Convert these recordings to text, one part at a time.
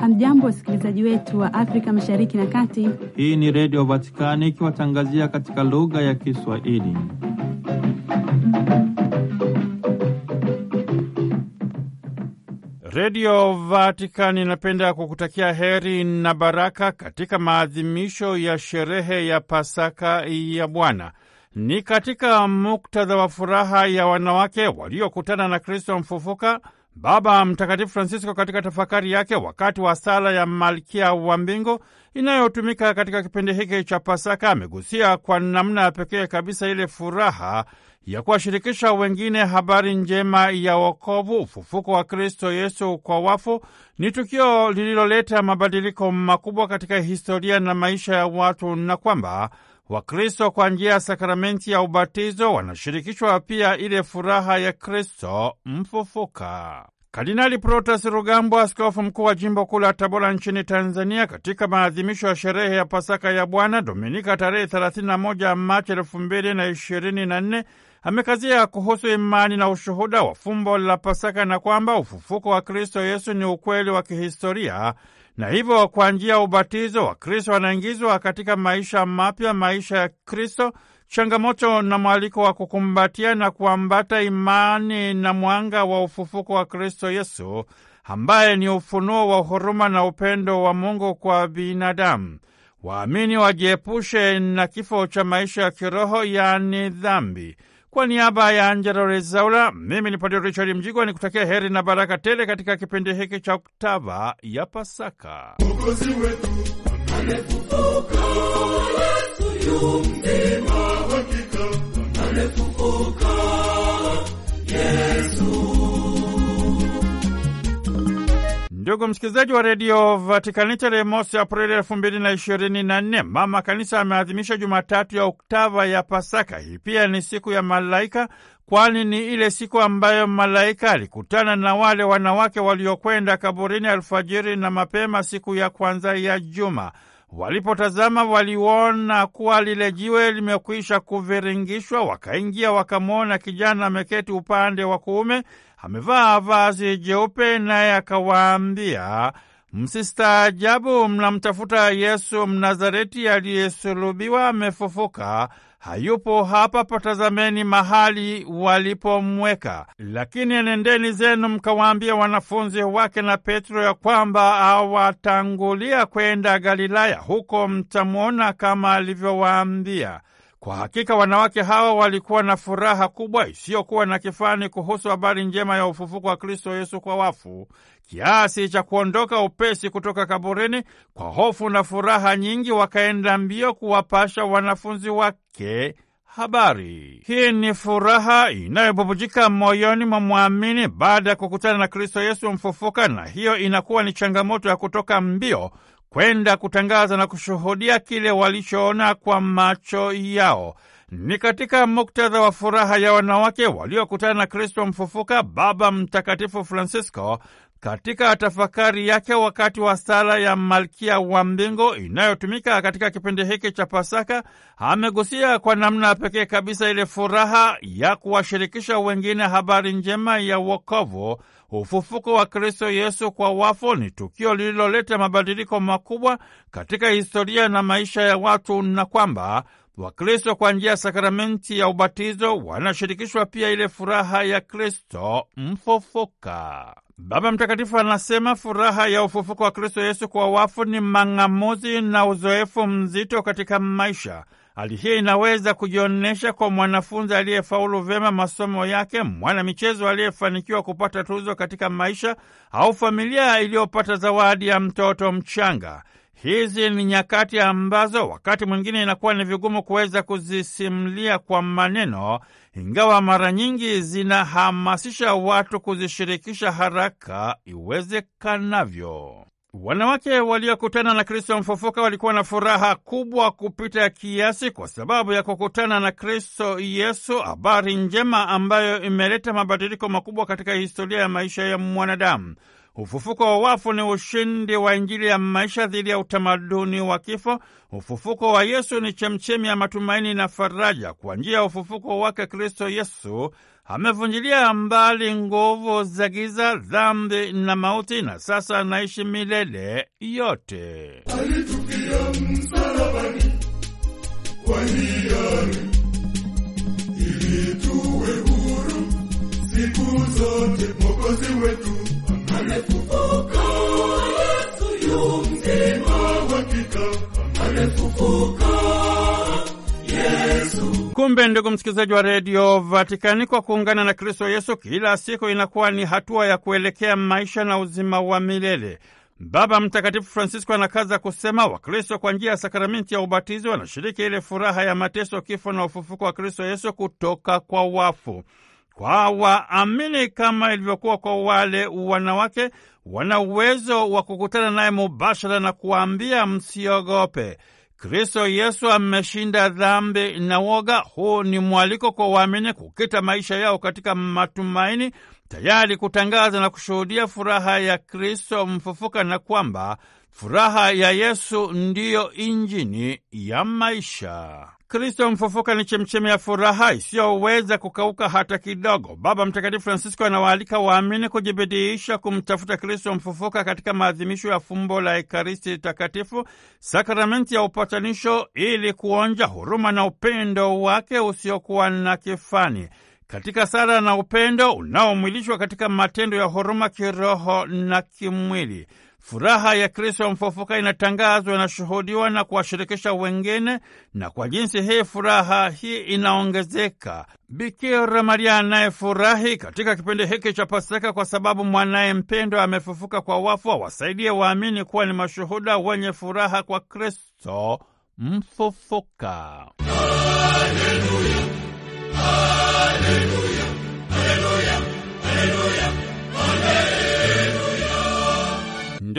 Hamjambo, wasikilizaji wetu wa Afrika mashariki na kati. Hii ni Redio Vatikani ikiwatangazia katika lugha ya Kiswahili. Redio Vatikani inapenda kukutakia heri na baraka katika maadhimisho ya sherehe ya Pasaka ya Bwana. Ni katika muktadha wa furaha ya wanawake waliokutana na Kristo mfufuka, Baba Mtakatifu Francisco katika tafakari yake wakati wa sala ya Malkia wa Mbingu inayotumika katika kipindi hiki cha Pasaka amegusia kwa namna ya pekee kabisa ile furaha ya kuwashirikisha wengine habari njema ya wokovu. Ufufuko wa Kristo Yesu kwa wafu ni tukio lililoleta mabadiliko makubwa katika historia na maisha ya watu, na kwamba Wakristo kwa njia ya sakramenti ya ubatizo wanashirikishwa pia ile furaha ya Kristo mfufuka. Kardinali Protas Rugambwa, askofu mkuu wa jimbo kuu la Tabora nchini Tanzania, katika maadhimisho ya sherehe ya Pasaka ya Bwana Dominika tarehe 31 Machi 2024 amekazia kuhusu imani na ushuhuda wa fumbo la Pasaka na kwamba ufufuko wa Kristo Yesu ni ukweli wa kihistoria na hivyo kwa njia ya ubatizo wa Kristo katika maisha mapya, maisha ya Kristo, changamoto na mwaliko wa kukumbatia na kuambata imani na mwanga wa ufufuko wa Kristo Yesu ambaye ni ufunuo wa huruma na upendo wa Mungu kwa binadamu. Waamini wajiepushe na kifo cha maisha ya kiroho, yaani dhambi. Kwa niaba ya Angela Rezaula, mimi ni Padre Richard Mjigwa ni kutakia heri na baraka tele katika kipindi hiki cha Oktava ya Pasaka. Yesu Ndugu msikilizaji wa redio Vatikani, tarehe mosi Aprili elfu mbili na ishirini na nne mama kanisa ameadhimisha Jumatatu ya Oktava ya Pasaka. Hii pia ni siku ya malaika, kwani ni ile siku ambayo malaika alikutana na wale wanawake waliokwenda kaburini alfajiri na mapema siku ya kwanza ya juma. Walipotazama waliona kuwa lile jiwe limekwisha kuviringishwa, wakaingia wakamwona kijana ameketi upande wa kuume amevaa vazi jeupe, naye akawaambia, msistaajabu, mnamtafuta Yesu Mnazareti aliyesulubiwa. Amefufuka, hayupo hapa. Patazameni mahali walipomweka. Lakini enendeni zenu mkawaambia wanafunzi wake na Petro ya kwamba awatangulia kwenda Galilaya, huko mtamwona kama alivyowaambia. Kwa hakika wanawake hawa walikuwa na furaha kubwa isiyokuwa na kifani kuhusu habari njema ya ufufuko wa Kristo Yesu kwa wafu, kiasi cha kuondoka upesi kutoka kaburini kwa hofu na furaha nyingi, wakaenda mbio kuwapasha wanafunzi wake habari. Hii ni furaha inayobubujika moyoni mwa mwamini baada ya kukutana na Kristo Yesu mfufuka, na hiyo inakuwa ni changamoto ya kutoka mbio kwenda kutangaza na kushuhudia kile walichoona kwa macho yao. Ni katika muktadha wa furaha ya wanawake waliokutana na Kristo mfufuka, Baba Mtakatifu Francisco katika tafakari yake wakati wa sala ya Malkia wa mbingo inayotumika katika kipindi hiki cha Pasaka, amegusia kwa namna pekee kabisa ile furaha ya kuwashirikisha wengine habari njema ya wokovu. Ufufuko wa Kristo Yesu kwa wafu ni tukio lililoleta mabadiliko makubwa katika historia na maisha ya watu, na kwamba Wakristo kwa njia ya sakramenti ya ubatizo wanashirikishwa pia ile furaha ya Kristo mfufuka. Baba Mtakatifu anasema furaha ya ufufuko wa Kristo Yesu kwa wafu ni mang'amuzi na uzoefu mzito katika maisha. Hali hii inaweza kujionyesha kwa mwanafunzi aliyefaulu vyema masomo yake, mwanamichezo aliyefanikiwa kupata tuzo katika maisha, au familia iliyopata zawadi ya mtoto mchanga. Hizi ni nyakati ambazo wakati mwingine inakuwa ni vigumu kuweza kuzisimulia kwa maneno, ingawa mara nyingi zinahamasisha watu kuzishirikisha haraka iwezekanavyo. Wanawake waliokutana na Kristo mfufuka walikuwa na furaha kubwa kupita kiasi kwa sababu ya kukutana na Kristo Yesu, habari njema ambayo imeleta mabadiliko makubwa katika historia ya maisha ya mwanadamu. Ufufuko wa wafu ni ushindi wa Injili ya maisha dhidi ya utamaduni wa kifo. Ufufuko wa Yesu ni chemchemi ya matumaini na faraja. Kwa njia ya ufufuko wake, Kristo Yesu amevunjilia mbali nguvu za giza, dhambi na mauti, na sasa anaishi milele yote. msalabani kwa hiari ili tuwe huru siku zote, Mwokozi wetu Kumbe ndugu msikilizaji wa redio Vatikani, kwa kuungana na Kristo Yesu kila siku inakuwa ni hatua ya kuelekea maisha na uzima wa milele. Baba Mtakatifu Francisco anakaza kusema Wakristo kwa njia ya sakramenti ya ubatizi wanashiriki ile furaha ya mateso, kifo na ufufuko wa Kristo Yesu kutoka kwa wafu kwa waamini kama ilivyokuwa kwa wale wanawake, wana uwezo wa kukutana naye mubashara na kuwaambia msiogope. Kristo Yesu ameshinda dhambi na woga. Huu ni mwaliko kwa waamini kukita maisha yao katika matumaini, tayari kutangaza na kushuhudia furaha ya Kristo mfufuka na kwamba Furaha ya Yesu ndiyo injini ya maisha. Kristo mfufuka ni chemchemi ya furaha isiyoweza kukauka hata kidogo. Baba Mtakatifu Francisco anawaalika waamini kujibidiisha kumtafuta Kristo mfufuka katika maadhimisho ya fumbo la Ekaristi Takatifu, sakramenti ya upatanisho, ili kuonja huruma na upendo wake usiokuwa na kifani katika sala na upendo unaomwilishwa katika matendo ya huruma kiroho na kimwili. Furaha ya Kristo mfufuka inatangazwa, inashuhudiwa na kuwashirikisha wengine, na kwa jinsi hii furaha hii inaongezeka. Bikira Maria anayefurahi katika kipindi hiki cha Pasaka kwa sababu mwanaye mpendwa amefufuka kwa wafu, awasaidie waamini kuwa ni mashuhuda wenye furaha kwa Kristo mfufuka. Haleluya, haleluya, haleluya.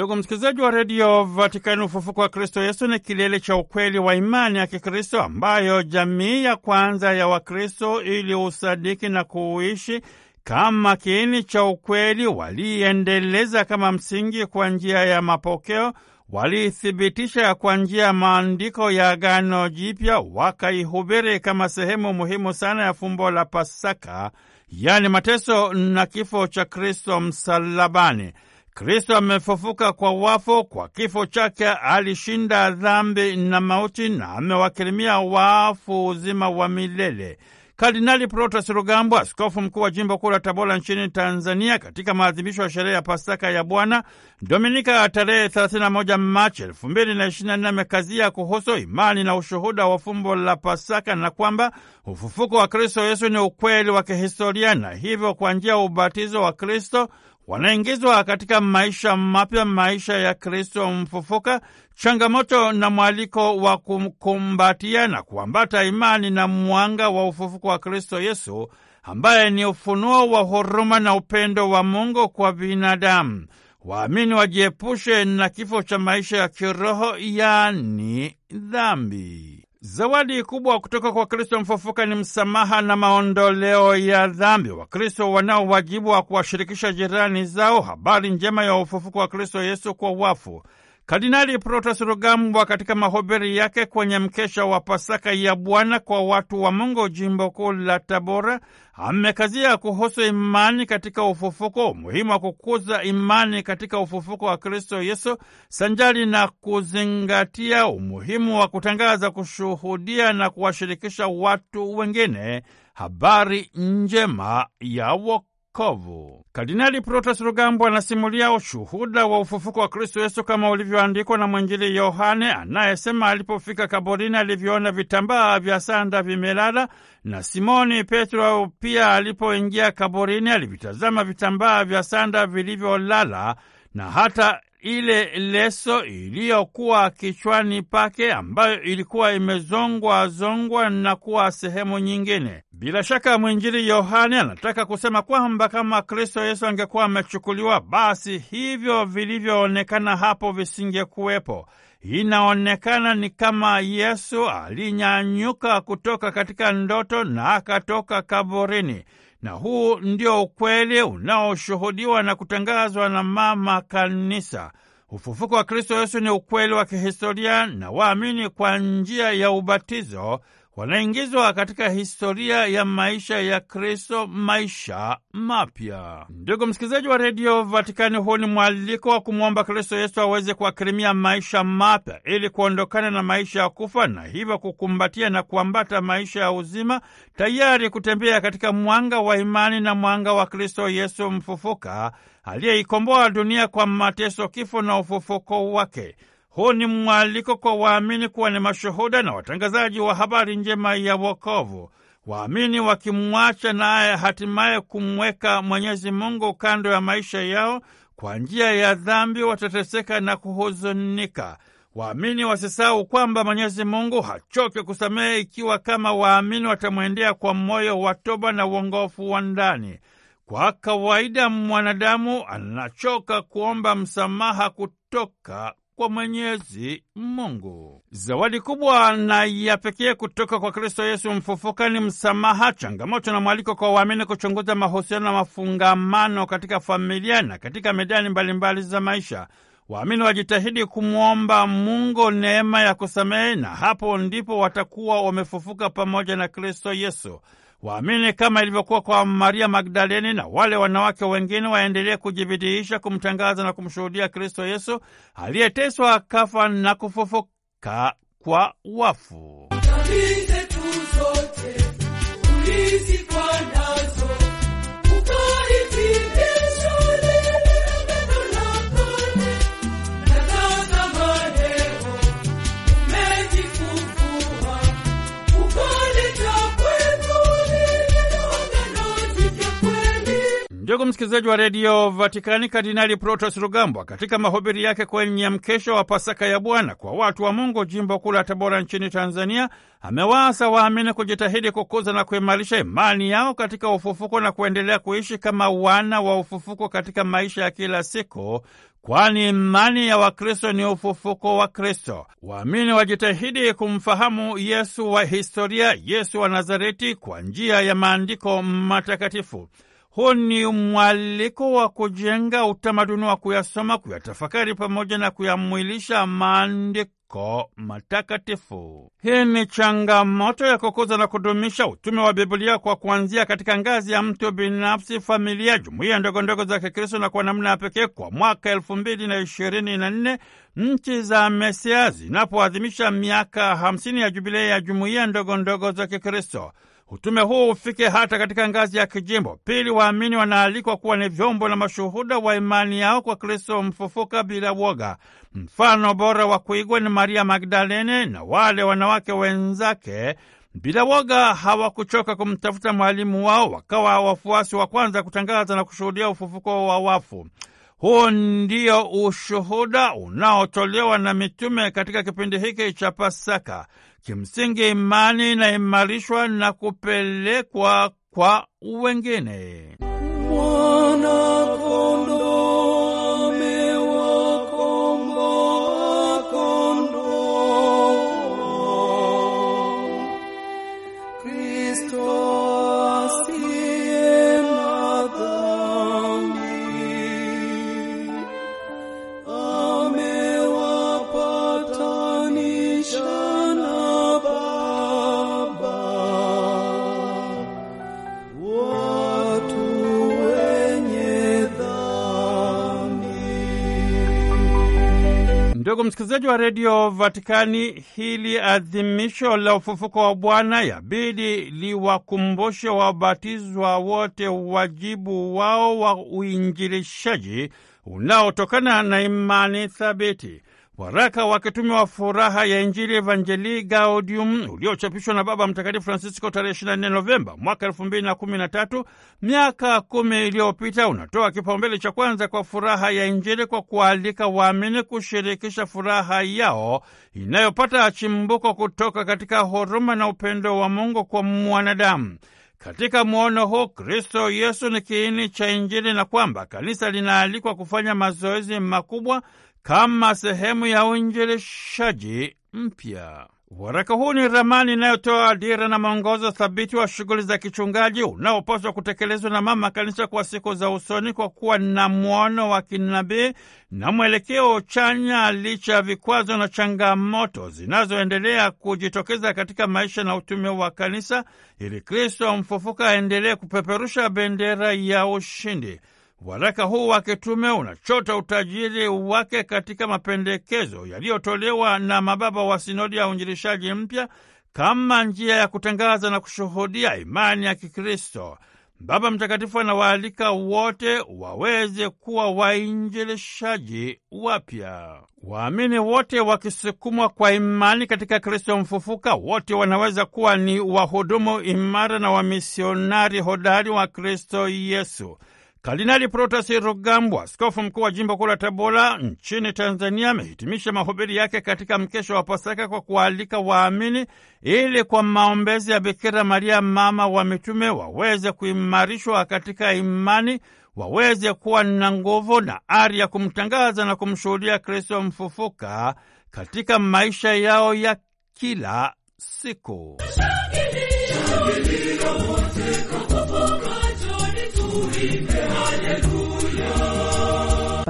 Ndugu msikilizaji wa redio Vatikani, ufufuko wa Kristo Yesu ni kilele cha ukweli wa imani ya Kikristo ambayo jamii ya kwanza ya Wakristo ili usadiki na kuuishi kama kiini cha ukweli, waliiendeleza kama msingi kwa njia ya mapokeo, waliithibitisha kwa njia ya maandiko ya Agano Jipya, wakaihubiri kama sehemu muhimu sana ya fumbo la Pasaka, yaani mateso na kifo cha Kristo msalabani. Kristo amefufuka kwa wafu. Kwa kifo chake alishinda dhambi na mauti na amewakirimia wafu uzima wa milele. Kardinali Protas Rugambwa, askofu mkuu wa jimbo kuu la Tabora nchini Tanzania, katika maadhimisho ya sherehe ya Pasaka ya Bwana Dominika tarehe 31 Machi 2024 amekazia kuhusu imani na ushuhuda wa fumbo la Pasaka na kwamba ufufuko wa Kristo Yesu ni ukweli wa kihistoria na hivyo kwa njia ya ubatizo wa Kristo wanaingizwa katika maisha mapya, maisha ya Kristo mfufuka, changamoto na mwaliko wa kumkumbatia na kuambata imani na mwanga wa ufufuko wa Kristo Yesu ambaye ni ufunuo wa huruma na upendo wa Mungu kwa binadamu. Waamini wajiepushe na kifo cha maisha ya kiroho, yaani dhambi. Zawadi kubwa kutoka kwa Kristo mfufuka ni msamaha na maondoleo ya dhambi. Wakristo wanao wajibu wa kuwashirikisha jirani zao habari njema ya ufufuko wa Kristo Yesu kwa wafu. Kardinali Protas Rugambwa katika mahubiri yake kwenye mkesha wa Pasaka ya Bwana kwa watu wa Mungu jimbo kuu la Tabora amekazia kuhusu imani katika ufufuko, umuhimu wa kukuza imani katika ufufuko wa Kristo Yesu sanjali na kuzingatia umuhimu wa kutangaza, kushuhudia na kuwashirikisha watu wengine habari njema ya wokovu. Kardinali Protas Rugambwa anasimulia ushuhuda wa ufufuko wa Kristo Yesu kama ulivyoandikwa na mwinjili Yohane anayesema alipofika kaburini alivyoona vitambaa vya sanda vimelala, na Simoni Petro pia alipoingia kaburini alivitazama vitambaa vya sanda vilivyolala na hata ile leso iliyokuwa kichwani pake ambayo ilikuwa imezongwa zongwa na kuwa sehemu nyingine. Bila shaka mwinjili Yohane anataka kusema kwamba kama Kristo Yesu angekuwa amechukuliwa, basi hivyo vilivyoonekana hapo visingekuwepo. Inaonekana ni kama Yesu alinyanyuka kutoka katika ndoto na akatoka kaburini na huu ndio ukweli unaoshuhudiwa na kutangazwa na mama kanisa. Ufufuko wa Kristo Yesu ni ukweli wa kihistoria na waamini kwa njia ya ubatizo wanaingizwa katika historia ya maisha ya Kristo, maisha mapya. Ndugu msikilizaji wa redio Vatikani, huu ni mwaliko wa kumwomba Kristo Yesu aweze kuakirimia maisha mapya ili kuondokana na maisha ya kufa na hivyo kukumbatia na kuambata maisha ya uzima, tayari kutembea katika mwanga wa imani na mwanga wa Kristo Yesu mfufuka aliyeikomboa dunia kwa mateso, kifo na ufufuko wake. Huu ni mwaliko kwa waamini kuwa ni mashuhuda na watangazaji wa habari njema ya wokovu. Waamini wakimwacha naye hatimaye kumweka Mwenyezi Mungu kando ya maisha yao kwa njia ya dhambi, watateseka na kuhuzunika. Waamini wasisahau kwamba Mwenyezi Mungu hachoke kusamehe ikiwa kama waamini watamwendea kwa moyo wa toba na uongofu wa ndani. Kwa kawaida mwanadamu anachoka kuomba msamaha kutoka kwa Mwenyezi Mungu. Zawadi kubwa na ya pekee kutoka kwa Kristo Yesu mfufuka ni msamaha, changamoto na mwaliko kwa waamini kuchunguza mahusiano na mafungamano katika familia na katika medani mbalimbali za maisha. Waamini wajitahidi kumwomba Mungu neema ya kusamehe, na hapo ndipo watakuwa wamefufuka pamoja na Kristo Yesu. Waamini kama ilivyokuwa kwa Maria Magdaleni na wale wanawake wengine waendelee kujibidiisha kumtangaza na kumshuhudia Kristo Yesu aliyeteswa, akafa na kufufuka kwa wafu. Ndugu msikilizaji wa redio Vatikani, Kardinali Protos Rugambwa katika mahubiri yake kwenye mkesho wa Pasaka ya Bwana kwa watu wa Mungu jimbo kuu la Tabora nchini Tanzania amewaasa waamini kujitahidi kukuza na kuimarisha imani yao katika ufufuko na kuendelea kuishi kama wana wa ufufuko katika maisha ya kila siku, kwani imani ya Wakristo ni ufufuko wa Kristo. Waamini wajitahidi kumfahamu Yesu wa historia, Yesu wa Nazareti, kwa njia ya maandiko matakatifu. Huu ni mwaliko wa kujenga utamaduni wa kuyasoma, kuyatafakari pamoja na kuyamwilisha maandiko matakatifu. Hii ni changamoto ya kukuza na kudumisha utume wa Biblia kwa kuanzia katika ngazi ya mtu binafsi, familia, jumuiya ndogondogo za Kikristo, na kwa namna ya pekee kwa mwaka elfu mbili na ishirini na nne nchi za Mesia zinapoadhimisha miaka hamsini ya jubilei ya jumuiya ndogondogo za Kikristo utume huu ufike hata katika ngazi ya kijimbo. Pili, waamini wanaalikwa kuwa ni vyombo na mashuhuda wa imani yao kwa Kristo mfufuka bila woga. Mfano bora wa kuigwa ni Maria Magdalene na wale wanawake wenzake bila woga hawakuchoka kumtafuta mwalimu wao, wakawa wafuasi wa kwanza kutangaza na kushuhudia ufufuko wa wafu. Huu ndio ushuhuda unaotolewa na mitume katika kipindi hiki cha Pasaka. Kimsingi imani inaimarishwa na kupelekwa kwa wengine Mwana Ndugu msikilizaji wa redio Vatikani, hili adhimisho la ufufuko wa Bwana yabidi liwakumbushe wabatizwa wote wajibu wao wa uinjilishaji unaotokana na imani thabiti. Waraka wa kitume wa Furaha ya Injili Evangelii Gaudium uliochapishwa na Baba Mtakatifu Francisco tarehe 24 Novemba mwaka 2013, miaka kumi iliyopita, unatoa kipaumbele cha kwanza kwa furaha ya Injili kwa kualika waamini kushirikisha furaha yao inayopata chimbuko kutoka katika huruma na upendo wa Mungu kwa mwanadamu. Katika muono huu Kristo Yesu ni kiini cha Injili na kwamba kanisa linaalikwa kufanya mazoezi makubwa kama sehemu ya uinjilishaji mpya. Waraka huu ni ramani inayotoa dira na mwongozo thabiti wa shughuli za kichungaji unaopaswa kutekelezwa na mama kanisa kwa siku za usoni, kwa kuwa na mwono wa kinabii na mwelekeo chanya, licha ya vikwazo na changamoto zinazoendelea kujitokeza katika maisha na utume wa kanisa, ili Kristo mfufuka aendelee kupeperusha bendera ya ushindi. Waraka huu wa kitume unachota utajiri wake katika mapendekezo yaliyotolewa na mababa wa sinodi ya uinjilishaji mpya kama njia ya kutangaza na kushuhudia imani ya Kikristo. Baba Mtakatifu anawaalika wote waweze kuwa wainjilishaji wapya. Waamini wote wakisukumwa kwa imani katika Kristo mfufuka, wote wanaweza kuwa ni wahudumu imara na wamisionari hodari wa Kristo Yesu. Kardinali Protas Rugambwa, askofu mkuu wa jimbo kuu la Tabora nchini Tanzania, amehitimisha mahubiri yake katika mkesho wa Pasaka kwa kualika waamini ili kwa maombezi ya Bikira Maria mama wa mitume waweze kuimarishwa katika imani, waweze kuwa na nguvu na ari ya kumtangaza na kumshuhudia Kristo mfufuka katika maisha yao ya kila siku. Movie behind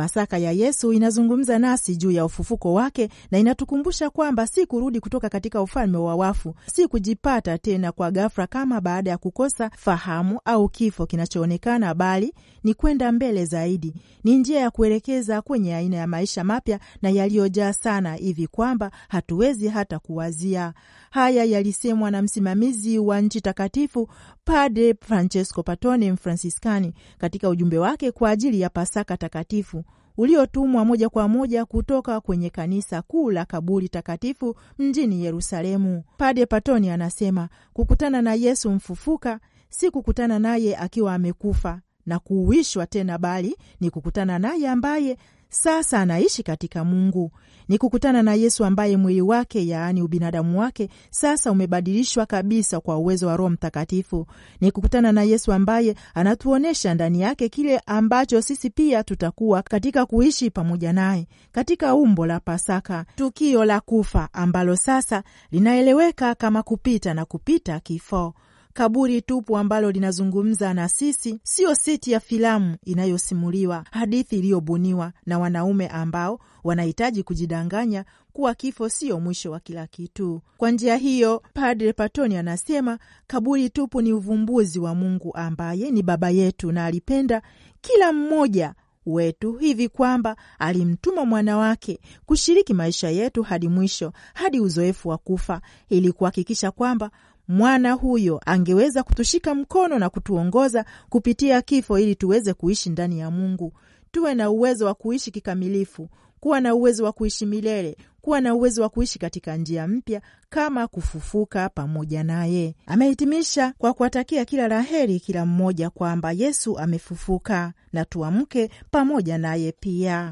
Pasaka ya Yesu inazungumza nasi juu ya ufufuko wake na inatukumbusha kwamba si kurudi kutoka katika ufalme wa wafu, si kujipata tena kwa ghafla kama baada ya kukosa fahamu au kifo kinachoonekana, bali ni kwenda mbele zaidi. Ni njia ya kuelekeza kwenye aina ya maisha mapya na yaliyojaa sana hivi kwamba hatuwezi hata kuwazia. Haya yalisemwa na msimamizi wa nchi takatifu Padre Francesco Patone, mfranciscani katika ujumbe wake kwa ajili ya Pasaka Takatifu uliotumwa moja kwa moja kutoka kwenye kanisa kuu la kaburi takatifu mjini Yerusalemu. Pade Patoni anasema kukutana na Yesu mfufuka si kukutana naye akiwa amekufa na kuuishwa tena, bali ni kukutana naye ambaye sasa anaishi katika Mungu. Ni kukutana na Yesu ambaye mwili wake, yaani ubinadamu wake, sasa umebadilishwa kabisa kwa uwezo wa Roho Mtakatifu. Ni kukutana na Yesu ambaye anatuonyesha ndani yake kile ambacho sisi pia tutakuwa katika kuishi pamoja naye katika umbo la Pasaka, tukio la kufa ambalo sasa linaeleweka kama kupita na kupita kifo kaburi tupu ambalo linazungumza na sisi, siyo siti ya filamu inayosimuliwa, hadithi iliyobuniwa na wanaume ambao wanahitaji kujidanganya kuwa kifo sio mwisho wa kila kitu. Kwa njia hiyo, Padre Patoni anasema kaburi tupu ni uvumbuzi wa Mungu ambaye ni Baba yetu na alipenda kila mmoja wetu hivi kwamba alimtuma mwana wake kushiriki maisha yetu hadi mwisho, hadi uzoefu wa kufa, ili kuhakikisha kwamba mwana huyo angeweza kutushika mkono na kutuongoza kupitia kifo ili tuweze kuishi ndani ya Mungu, tuwe na uwezo wa kuishi kikamilifu, kuwa na uwezo wa kuishi milele, kuwa na uwezo wa kuishi katika njia mpya kama kufufuka pamoja naye. Amehitimisha kwa kuwatakia kila laheri kila mmoja kwamba Yesu amefufuka na tuamke pamoja naye pia.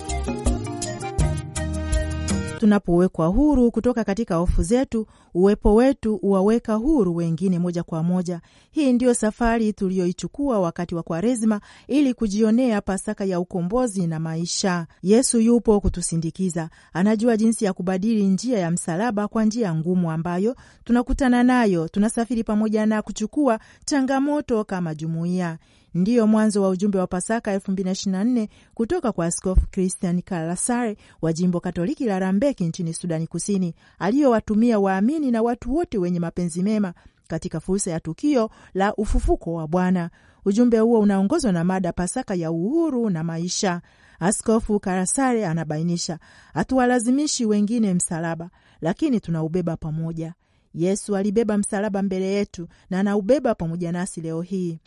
Tunapowekwa huru kutoka katika hofu zetu, uwepo wetu uwaweka huru wengine moja kwa moja. Hii ndiyo safari tuliyoichukua wakati wa Kwaresima ili kujionea Pasaka ya ukombozi na maisha. Yesu yupo kutusindikiza, anajua jinsi ya kubadili njia ya msalaba kwa njia ngumu ambayo tunakutana nayo. Tunasafiri pamoja na kuchukua changamoto kama jumuiya. Ndiyo mwanzo wa ujumbe wa Pasaka 2024 kutoka kwa Askofu Christian Kalasare wa jimbo Katoliki la Rambeki nchini Sudani Kusini, aliyowatumia waamini na watu wote wenye mapenzi mema katika fursa ya tukio la ufufuko wa Bwana. Ujumbe huo unaongozwa na mada Pasaka ya uhuru na maisha. Askofu Karasare anabainisha, hatuwalazimishi wengine msalaba, lakini tunaubeba pamoja. Yesu alibeba msalaba mbele yetu na anaubeba pamoja nasi leo hii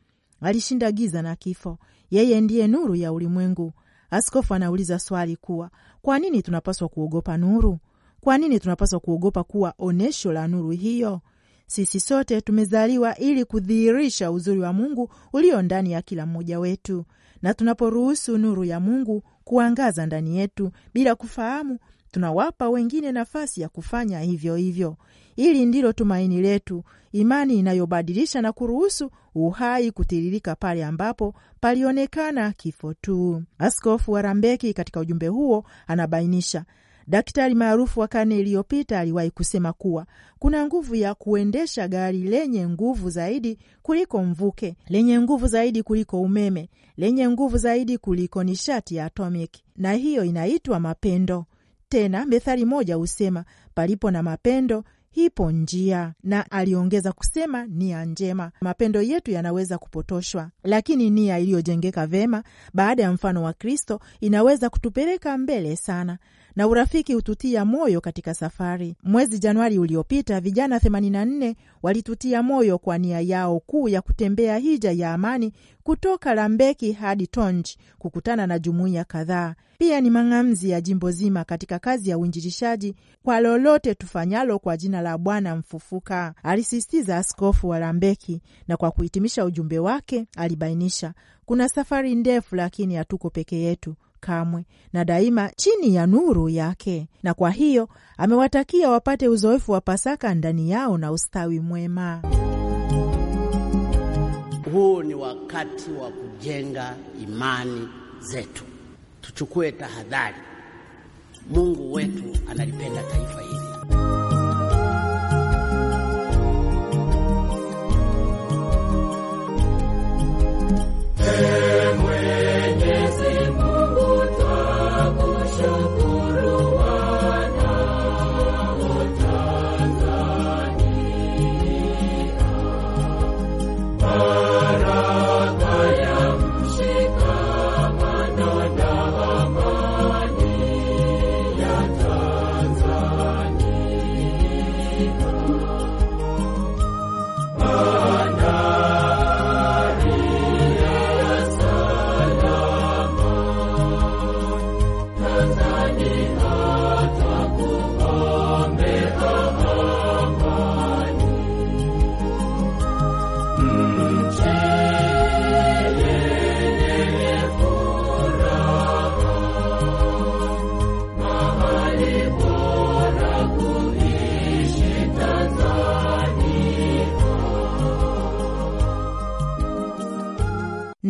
alishinda giza na kifo. Yeye ndiye nuru ya ulimwengu. Askofu anauliza swali kuwa kwa nini tunapaswa kuogopa nuru? Kwa nini tunapaswa kuogopa kuwa onesho la nuru hiyo? Sisi sote tumezaliwa ili kudhihirisha uzuri wa Mungu ulio ndani ya kila mmoja wetu, na tunaporuhusu nuru ya Mungu kuangaza ndani yetu bila kufahamu, tunawapa wengine nafasi ya kufanya hivyo hivyo. Hili ndilo tumaini letu, imani inayobadilisha na kuruhusu uhai kutiririka pale ambapo palionekana kifo tu. Askofu wa Rambeki katika ujumbe huo anabainisha Daktari maarufu wa karne iliyopita aliwahi kusema kuwa kuna nguvu ya kuendesha gari lenye nguvu zaidi kuliko mvuke, lenye nguvu zaidi kuliko umeme, lenye nguvu zaidi kuliko nishati ya atomic, na hiyo inaitwa mapendo. Tena methali moja husema, palipo na mapendo hipo njia, na aliongeza kusema nia njema. Mapendo yetu yanaweza kupotoshwa, lakini nia iliyojengeka vema baada ya mfano wa Kristo inaweza kutupeleka mbele sana na urafiki hututia moyo katika safari. Mwezi Januari uliopita, vijana 84 walitutia moyo kwa nia yao kuu ya kutembea hija ya amani kutoka Lambeki hadi Tonj, kukutana na jumuiya kadhaa. Pia ni mang'amzi ya jimbo zima katika kazi ya uinjilishaji kwa lolote tufanyalo kwa jina la Bwana Mfufuka, alisisitiza askofu wa Lambeki. Na kwa kuhitimisha ujumbe wake, alibainisha kuna safari ndefu, lakini hatuko peke yetu kamwe na daima chini ya nuru yake, na kwa hiyo amewatakia wapate uzoefu wa Pasaka ndani yao na ustawi mwema. Huu ni wakati wa kujenga imani zetu. Tuchukue tahadhari. Mungu wetu analipenda taifa hili. Hey,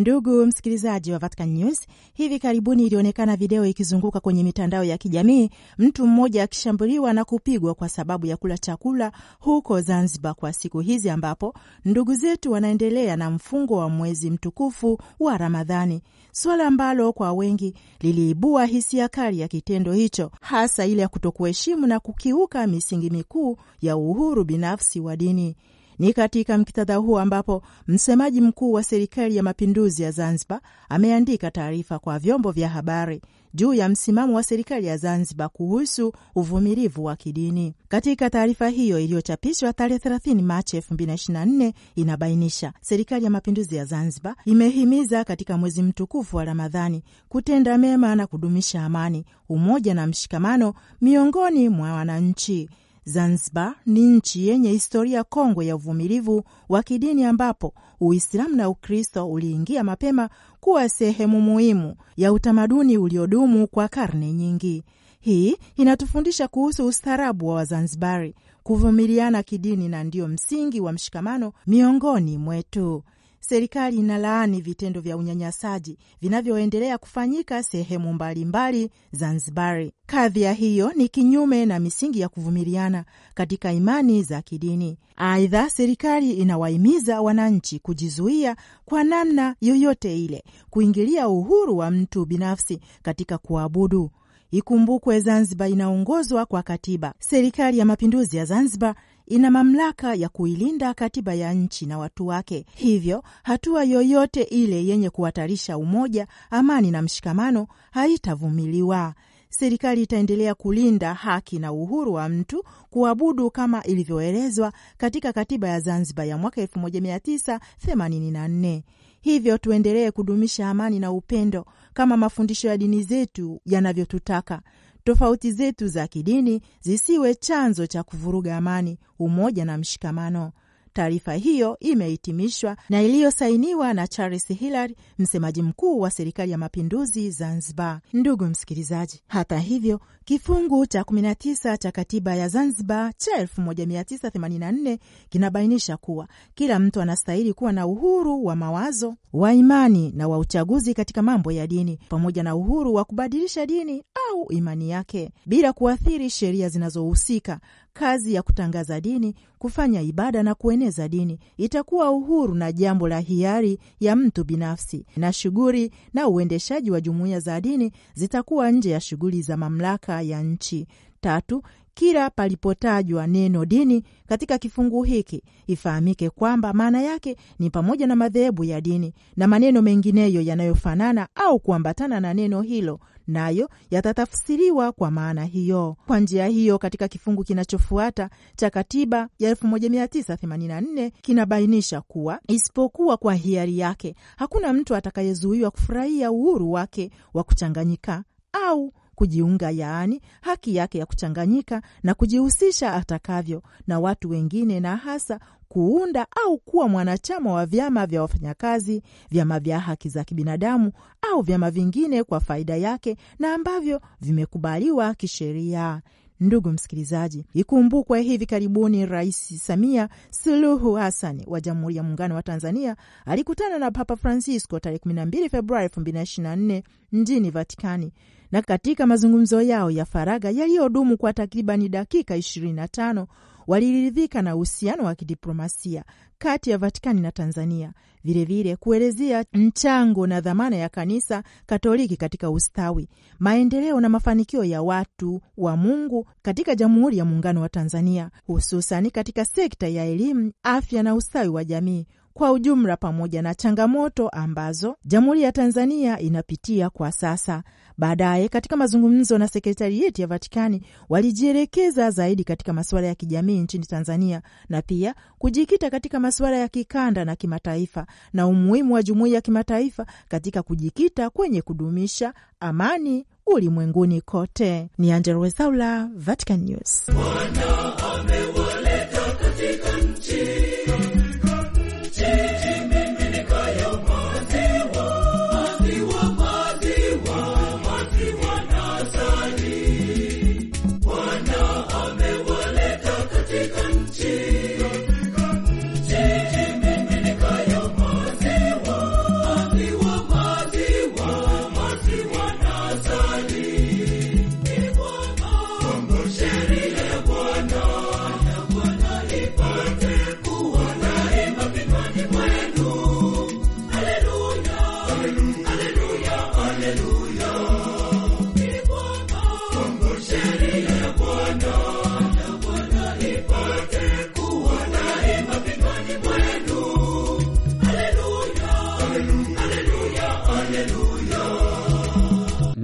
Ndugu msikilizaji wa Vatican News, hivi karibuni ilionekana video ikizunguka kwenye mitandao ya kijamii, mtu mmoja akishambuliwa na kupigwa kwa sababu ya kula chakula huko Zanzibar kwa siku hizi ambapo ndugu zetu wanaendelea na mfungo wa mwezi mtukufu wa Ramadhani, suala ambalo kwa wengi liliibua hisia kali ya kitendo hicho, hasa ile ya kutokuheshimu na kukiuka misingi mikuu ya uhuru binafsi wa dini. Ni katika muktadha huo ambapo msemaji mkuu wa serikali ya mapinduzi ya Zanzibar ameandika taarifa kwa vyombo vya habari juu ya msimamo wa serikali ya Zanzibar kuhusu uvumilivu wa kidini. Katika taarifa hiyo iliyochapishwa tarehe 30 Machi 2024 inabainisha, serikali ya mapinduzi ya Zanzibar imehimiza katika mwezi mtukufu wa Ramadhani kutenda mema na kudumisha amani, umoja na mshikamano miongoni mwa wananchi Zanzibar ni nchi yenye historia kongwe ya uvumilivu wa kidini ambapo Uislamu na Ukristo uliingia mapema kuwa sehemu muhimu ya utamaduni uliodumu kwa karne nyingi. Hii inatufundisha kuhusu ustaarabu wa Wazanzibari, kuvumiliana kidini na ndiyo msingi wa mshikamano miongoni mwetu serikali inalaani vitendo vya unyanyasaji vinavyoendelea kufanyika sehemu mbalimbali Zanzibari. Kadhia hiyo ni kinyume na misingi ya kuvumiliana katika imani za kidini. Aidha, serikali inawahimiza wananchi kujizuia kwa namna yoyote ile kuingilia uhuru wa mtu binafsi katika kuabudu. Ikumbukwe, Zanzibar inaongozwa kwa katiba. Serikali ya Mapinduzi ya Zanzibar ina mamlaka ya kuilinda katiba ya nchi na watu wake. Hivyo hatua yoyote ile yenye kuhatarisha umoja, amani na mshikamano haitavumiliwa. Serikali itaendelea kulinda haki na uhuru wa mtu kuabudu kama ilivyoelezwa katika katiba ya Zanzibar ya mwaka 1984. Hivyo tuendelee kudumisha amani na upendo kama mafundisho ya dini zetu yanavyotutaka, tofauti zetu za kidini zisiwe chanzo cha kuvuruga amani, umoja na mshikamano. Taarifa hiyo imehitimishwa na iliyosainiwa na Charles Hilary, msemaji mkuu wa serikali ya mapinduzi Zanzibar. Ndugu msikilizaji, hata hivyo, kifungu cha 19 cha katiba ya Zanzibar cha 1984 kinabainisha kuwa kila mtu anastahili kuwa na uhuru wa mawazo, wa imani na wa uchaguzi katika mambo ya dini, pamoja na uhuru wa kubadilisha dini au imani yake bila kuathiri sheria zinazohusika. Kazi ya kutangaza dini, kufanya ibada na kueneza dini itakuwa uhuru na jambo la hiari ya mtu binafsi, na shughuli na uendeshaji wa jumuiya za dini zitakuwa nje ya shughuli za mamlaka ya nchi. Tatu, kila palipotajwa neno dini katika kifungu hiki ifahamike kwamba maana yake ni pamoja na madhehebu ya dini na maneno mengineyo yanayofanana au kuambatana na neno hilo nayo yatatafsiriwa kwa maana hiyo. Kwa njia hiyo, katika kifungu kinachofuata cha katiba ya 1984 kinabainisha kuwa isipokuwa kwa hiari yake hakuna mtu atakayezuiwa kufurahia uhuru wake wa kuchanganyika au kujiunga, yaani haki yake ya kuchanganyika na kujihusisha atakavyo na watu wengine na hasa kuunda au kuwa mwanachama wa vyama vya wafanyakazi, vyama vya haki za kibinadamu au vyama vingine kwa faida yake na ambavyo vimekubaliwa kisheria. Ndugu msikilizaji, ikumbukwe hivi karibuni Rais Samia Suluhu Hassan wa Jamhuri ya Muungano wa Tanzania alikutana na Papa Francisco tarehe 12 Februari 2024 mjini Vatikani na katika mazungumzo yao ya faragha yaliyodumu kwa takribani dakika 25 waliridhika na uhusiano wa kidiplomasia kati ya Vatikani na Tanzania, vilevile kuelezea mchango na dhamana ya Kanisa Katoliki katika ustawi, maendeleo na mafanikio ya watu wa Mungu katika Jamhuri ya Muungano wa Tanzania, hususani katika sekta ya elimu, afya na ustawi wa jamii kwa ujumla pamoja na changamoto ambazo Jamhuri ya Tanzania inapitia kwa sasa. Baadaye katika mazungumzo na sekretarieti ya Vatikani walijielekeza zaidi katika masuala ya kijamii nchini Tanzania na pia kujikita katika masuala ya kikanda na kimataifa na umuhimu wa jumuiya ya kimataifa katika kujikita kwenye kudumisha amani ulimwenguni kote. Ni Angella Rwezaula, Vatican News.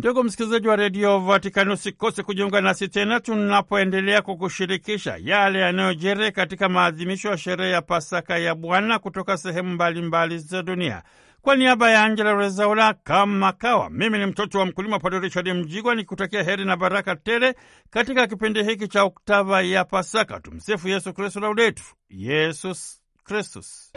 Ndugu msikilizaji wa redio Vatikani, usikose kujiunga nasi tena tunapoendelea kukushirikisha yale yanayojiri katika maadhimisho ya sherehe ya Pasaka ya Bwana kutoka sehemu mbalimbali za dunia. Kwa niaba ya Angela Rezaula kama kawa, mimi ni mtoto wa mkulima Padre Richard Mjigwa ni kutakia heri na baraka tele katika kipindi hiki cha Oktava ya Pasaka. Tumsifu Yesu Kristu, Laudetu Yesus Kristus.